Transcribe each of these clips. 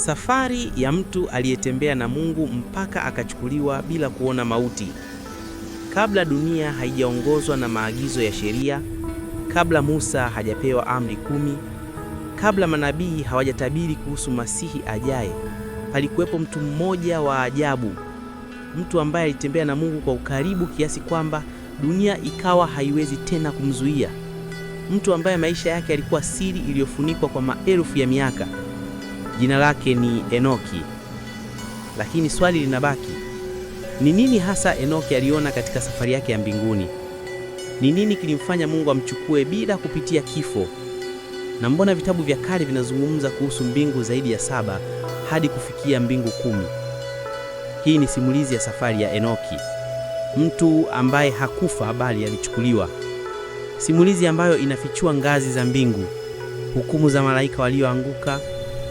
safari ya mtu aliyetembea na Mungu mpaka akachukuliwa bila kuona mauti, kabla dunia haijaongozwa na maagizo ya sheria, kabla Musa hajapewa amri kumi, kabla manabii hawajatabiri kuhusu Masihi ajaye, palikuwepo mtu mmoja wa ajabu, mtu ambaye alitembea na Mungu kwa ukaribu kiasi kwamba dunia ikawa haiwezi tena kumzuia, mtu ambaye maisha yake yalikuwa siri iliyofunikwa kwa maelfu ya miaka jina lake ni Enoki. Lakini swali linabaki, ni nini hasa Enoki aliona katika safari yake ya mbinguni? Ni nini kilimfanya Mungu amchukue bila kupitia kifo? Na mbona vitabu vya kale vinazungumza kuhusu mbingu zaidi ya saba hadi kufikia mbingu kumi? Hii ni simulizi ya safari ya Enoki, mtu ambaye hakufa bali alichukuliwa. Simulizi ambayo inafichua ngazi za mbingu, hukumu za malaika walioanguka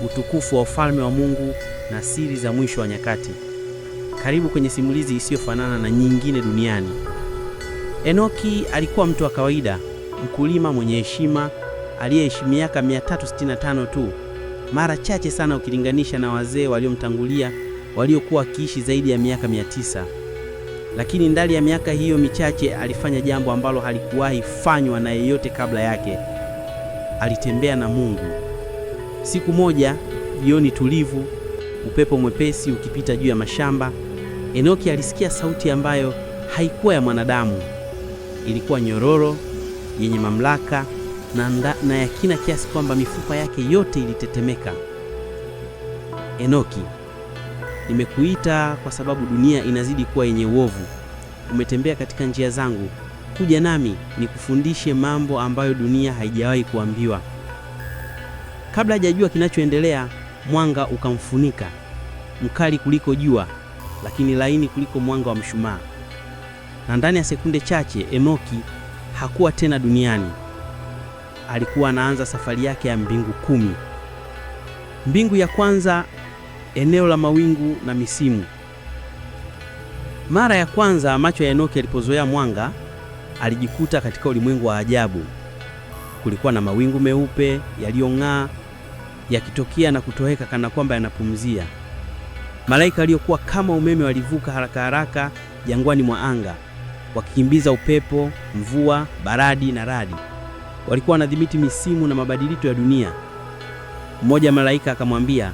utukufu wa ufalme wa Mungu na siri za mwisho wa nyakati. Karibu kwenye simulizi isiyofanana na nyingine duniani. Enoki alikuwa mtu wa kawaida, mkulima mwenye heshima aliyeishi miaka 365 tu, mara chache sana ukilinganisha na wazee waliomtangulia waliokuwa wakiishi zaidi ya miaka 900. Lakini ndani ya miaka hiyo michache alifanya jambo ambalo halikuwahi fanywa na yeyote kabla yake. Alitembea na Mungu. Siku moja jioni tulivu, upepo mwepesi ukipita juu ya mashamba, Enoki alisikia sauti ambayo haikuwa ya mwanadamu. Ilikuwa nyororo yenye mamlaka na, nda, na ya kina kiasi kwamba mifupa yake yote ilitetemeka. Enoki, nimekuita kwa sababu dunia inazidi kuwa yenye uovu. Umetembea katika njia zangu, kuja nami nikufundishe mambo ambayo dunia haijawahi kuambiwa. Kabla hajajua kinachoendelea, mwanga ukamfunika, mkali kuliko jua, lakini laini kuliko mwanga wa mshumaa. Na ndani ya sekunde chache Enoki hakuwa tena duniani. Alikuwa anaanza safari yake ya mbingu kumi. Mbingu ya kwanza, eneo la mawingu na misimu. Mara ya kwanza macho ya Enoki yalipozoea mwanga, alijikuta katika ulimwengu wa ajabu. Kulikuwa na mawingu meupe yaliyong'aa yakitokea na kutoweka kana kwamba yanapumzia. Malaika waliokuwa kama umeme walivuka haraka haraka jangwani mwa anga, wakikimbiza upepo, mvua, baradi na radi. Walikuwa wanadhibiti misimu na mabadiliko ya dunia. Mmoja malaika akamwambia,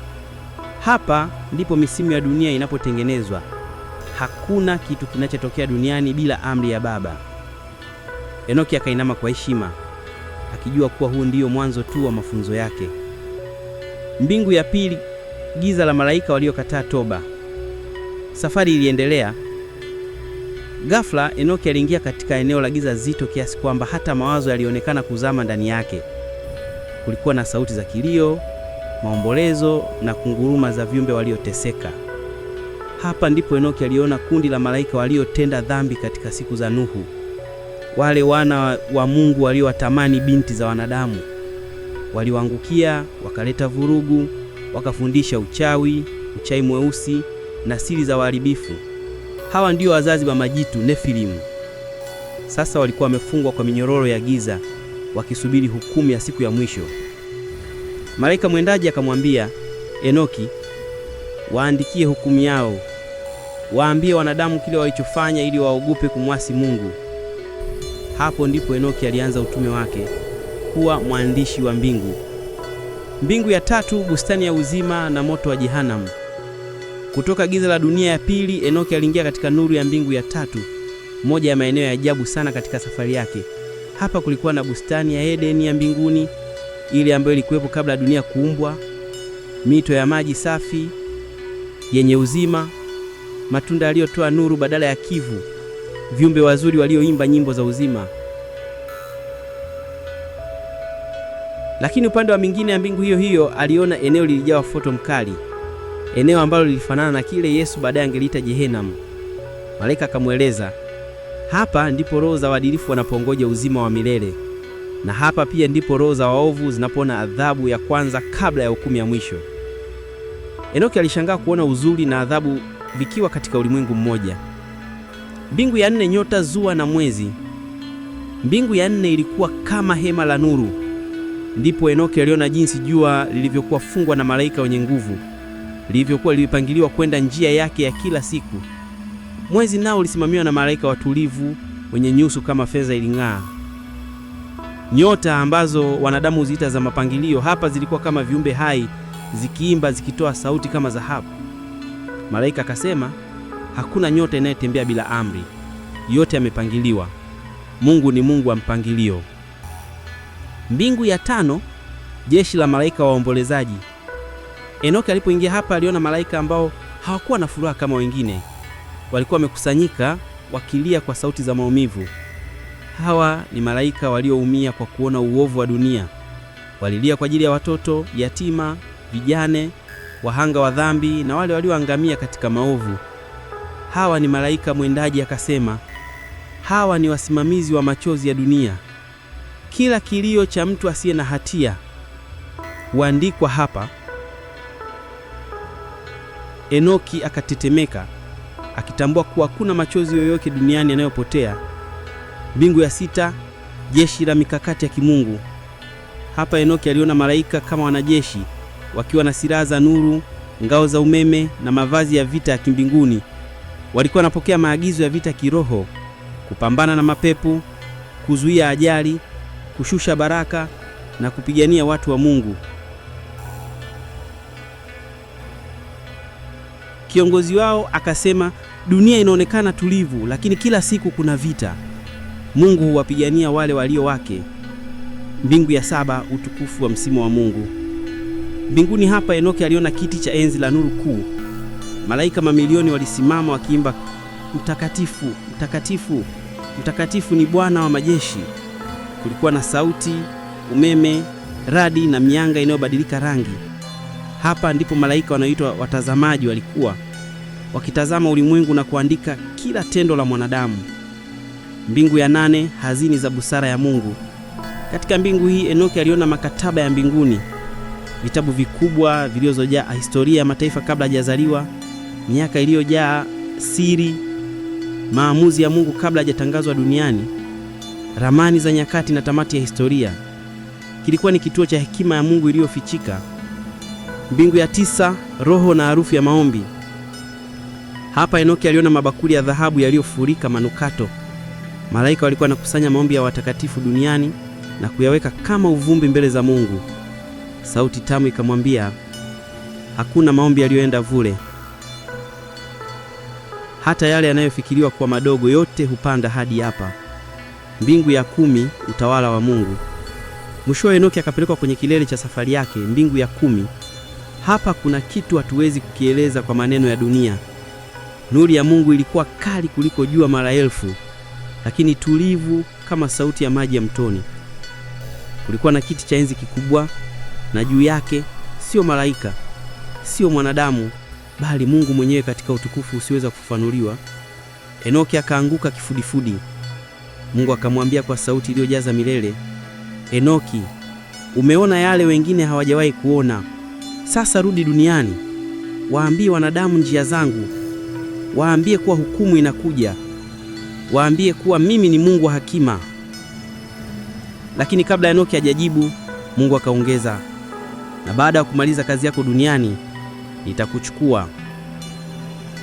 hapa ndipo misimu ya dunia inapotengenezwa. Hakuna kitu kinachotokea duniani bila amri ya Baba. Enoki akainama kwa heshima, akijua kuwa huu ndiyo mwanzo tu wa mafunzo yake. Mbingu ya pili, giza la malaika waliokataa toba. Safari iliendelea. Ghafla Enoki aliingia katika eneo la giza zito kiasi kwamba hata mawazo yalionekana kuzama ndani yake. Kulikuwa na sauti za kilio, maombolezo na kunguruma za viumbe walioteseka. Hapa ndipo Enoki aliona kundi la malaika waliotenda dhambi katika siku za Nuhu, wale wana wa Mungu waliowatamani binti za wanadamu waliwaangukia, wakaleta vurugu, wakafundisha uchawi, uchai mweusi na siri za waharibifu. Hawa ndio wazazi wa majitu Nefilimu. Sasa walikuwa wamefungwa kwa minyororo ya giza wakisubiri hukumu ya siku ya mwisho. Malaika mwendaji akamwambia Enoki, waandikie hukumu yao, waambie wanadamu kile walichofanya ili waogope kumwasi Mungu. Hapo ndipo Enoki alianza utume wake kuwa mwandishi wa mbingu. Mbingu ya tatu, bustani ya uzima na moto wa jehanamu. Kutoka giza la dunia ya pili, Enoki aliingia katika nuru ya mbingu ya tatu, moja ya maeneo ya ajabu sana katika safari yake. Hapa kulikuwa na bustani ya Edeni ya mbinguni, ile ambayo ilikuwepo kabla ya dunia kuumbwa, mito ya maji safi yenye uzima, matunda yaliyotoa nuru badala ya kivu, viumbe wazuri walioimba nyimbo za uzima. Lakini upande wa mingine ya mbingu hiyo hiyo aliona eneo lilijawa foto mkali, eneo ambalo lilifanana na kile Yesu baadaye angeliita Jehenamu. Malaika akamweleza, hapa ndipo roho za waadilifu wanapongoja uzima wa milele, na hapa pia ndipo roho za waovu zinapoona adhabu ya kwanza kabla ya hukumu ya mwisho. Enoki alishangaa kuona uzuri na adhabu vikiwa katika ulimwengu mmoja. Mbingu ya nne, nyota, zua na mwezi. Mbingu ya nne ilikuwa kama hema la nuru Ndipo Enoki aliona jinsi jua lilivyokuwa fungwa na malaika wenye nguvu, lilivyokuwa lilipangiliwa kwenda njia yake ya kila siku. Mwezi nao ulisimamiwa na malaika watulivu wenye nyuso kama fedha iling'aa. Nyota ambazo wanadamu huziita za mapangilio, hapa zilikuwa kama viumbe hai, zikiimba, zikitoa sauti kama dhahabu. Malaika akasema, hakuna nyota inayotembea bila amri, yote yamepangiliwa. Mungu ni Mungu wa mpangilio. Mbingu ya tano, jeshi la malaika waombolezaji. Enoki alipoingia hapa, aliona malaika ambao hawakuwa na furaha kama wengine, walikuwa wamekusanyika wakilia kwa sauti za maumivu. Hawa ni malaika walioumia kwa kuona uovu wa dunia. Walilia kwa ajili ya watoto yatima, vijane, wahanga wa dhambi na wale walioangamia katika maovu. Hawa ni malaika mwendaji akasema, hawa ni wasimamizi wa machozi ya dunia. Kila kilio cha mtu asiye na hatia waandikwa hapa. Enoki akatetemeka akitambua kuwa hakuna machozi yoyote duniani yanayopotea. Mbingu ya sita, jeshi la mikakati ya kimungu. Hapa Enoki aliona malaika kama wanajeshi wakiwa na silaha za nuru, ngao za umeme na mavazi ya vita ya kimbinguni. Walikuwa wanapokea maagizo ya vita kiroho, kupambana na mapepo, kuzuia ajali kushusha baraka na kupigania watu wa Mungu. Kiongozi wao akasema, dunia inaonekana tulivu, lakini kila siku kuna vita. Mungu huwapigania wale walio wake. Mbingu ya saba, utukufu wa msimu wa Mungu. Mbinguni hapa Enoki aliona kiti cha enzi la nuru kuu. Malaika mamilioni walisimama wakiimba, mtakatifu, mtakatifu, mtakatifu ni Bwana wa majeshi. Kulikuwa na sauti, umeme, radi na mianga inayobadilika rangi. Hapa ndipo malaika wanaoitwa watazamaji walikuwa wakitazama ulimwengu na kuandika kila tendo la mwanadamu. Mbingu ya nane, hazini za busara ya Mungu. Katika mbingu hii Enoki aliona makataba ya mbinguni, vitabu vikubwa vilivyojaa historia ya mataifa kabla hajazaliwa, miaka iliyojaa siri, maamuzi ya Mungu kabla hajatangazwa duniani ramani za nyakati na tamati ya historia. Kilikuwa ni kituo cha hekima ya Mungu iliyofichika, mbingu ya tisa, roho na harufu ya maombi. Hapa Enoki aliona mabakuli ya dhahabu yaliyofurika manukato. Malaika walikuwa wanakusanya maombi ya watakatifu duniani na kuyaweka kama uvumbi mbele za Mungu. Sauti tamu ikamwambia, hakuna maombi yaliyoenda vule. Hata yale yanayofikiriwa kuwa madogo yote hupanda hadi hapa. Mbingu ya kumi, utawala wa Mungu. Mwishowe Enoki akapelekwa kwenye kilele cha safari yake, mbingu ya kumi. Hapa kuna kitu hatuwezi kukieleza kwa maneno ya dunia. Nuru ya Mungu ilikuwa kali kuliko jua mara elfu, lakini tulivu kama sauti ya maji ya mtoni. Kulikuwa na kiti cha enzi kikubwa, na juu yake sio malaika, sio mwanadamu, bali Mungu mwenyewe katika utukufu usiweza kufafanuliwa. Enoki akaanguka kifudifudi. Mungu akamwambia kwa sauti iliyojaza milele, Enoki, umeona yale wengine hawajawahi kuona. Sasa rudi duniani, waambie wanadamu njia zangu, waambie kuwa hukumu inakuja, waambie kuwa mimi ni Mungu wa hakima. Lakini kabla Enoki hajajibu, Mungu akaongeza, na baada ya kumaliza kazi yako duniani nitakuchukua.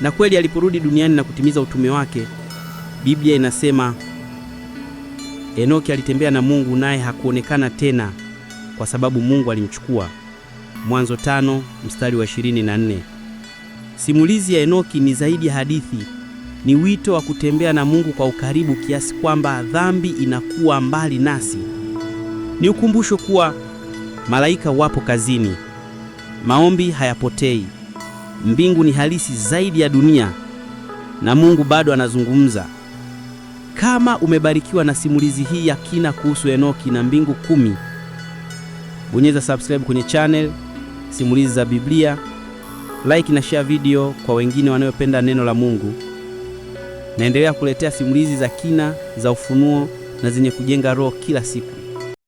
Na kweli aliporudi duniani na kutimiza utume wake, Biblia inasema Enoki alitembea na Mungu naye hakuonekana tena kwa sababu Mungu alimchukua. Mwanzo tano mstari wa ishirini na nne. Simulizi ya Enoki ni zaidi ya hadithi, ni wito wa kutembea na Mungu kwa ukaribu kiasi kwamba dhambi inakuwa mbali nasi. Ni ukumbusho kuwa malaika wapo kazini, maombi hayapotei, mbingu ni halisi zaidi ya dunia, na Mungu bado anazungumza. Kama umebarikiwa na simulizi hii ya kina kuhusu Enoki na mbingu kumi, bonyeza subscribe kwenye channel Simulizi za Biblia, like na share video kwa wengine wanayopenda neno la Mungu. Naendelea kuletea simulizi za kina za ufunuo na zenye kujenga roho kila siku.